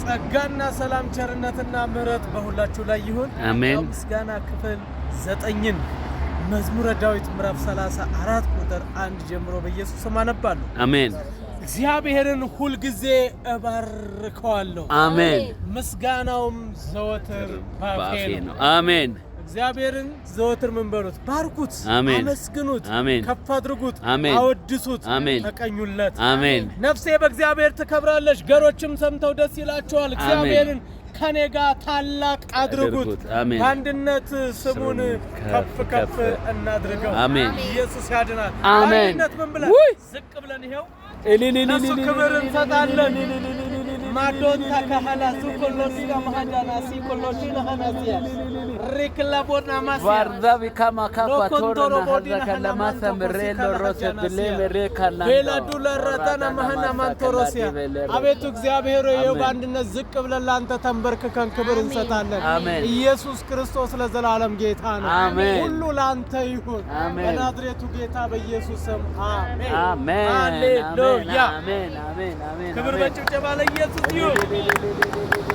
ጸጋና ሰላም ቸርነትና ምሕረት በሁላችሁ ላይ ይሁን። አሜን። ምስጋና ክፍል ዘጠኝን መዝሙረ ዳዊት ምዕራፍ 34 ቁጥር አንድ ጀምሮ በኢየሱስ ስም አነባለሁ። አሜን። እግዚአብሔርን ሁልጊዜ እባርከዋለሁ። አሜን። ምስጋናውም ዘወትር ባፌ ነው። አሜን። እግዚአብሔርን ዘወትር ምን በሉት፣ ባርኩት፣ አመስግኑት፣ አሜን፣ ከፍ አድርጉት፣ አሜን፣ አወድሱት፣ አሜን፣ ተቀኙለት። አሜን። ነፍሴ በእግዚአብሔር ትከብራለች፣ ገሮችም ሰምተው ደስ ይላቸዋል። እግዚአብሔርን ከኔ ጋር ታላቅ አድርጉት፣ አሜን። አንድነት ስሙን ከፍ ከፍ እናድርገው። አሜን። ኢየሱስ ያድናል። አሜን። አንድነት ምን ብለን ዝቅ ብለን ይኸው እሱ ክብር እንሰጣለን ማዶታ ካህናሱ ኮሎሲ ማሃዳናሲ ኮሎሲ ናሃናሲያ ሪክላቦና ማሲያ ዋርዳቢ ካማ ካፓ ቶና ሀርዳካ ለማሳ ምሬሎ ሮሴ ብሌ ምሬ ካና ቤላ ዱለረታና ማህና ማንቶሮሲያ አቤቱ እግዚአብሔር ሆይ በአንድነት ዝቅ ብለን ለአንተ ተንበርክከን ክብር እንሰጣለን። ኢየሱስ ክርስቶስ ለዘላለም ጌታ ነው። ሁሉ ለአንተ ይሁን። በናዝሬቱ ጌታ በኢየሱስ ስም አሜን። አሌሉያ። ክብር በጭብጨባ ለኢየሱስ bekliyor.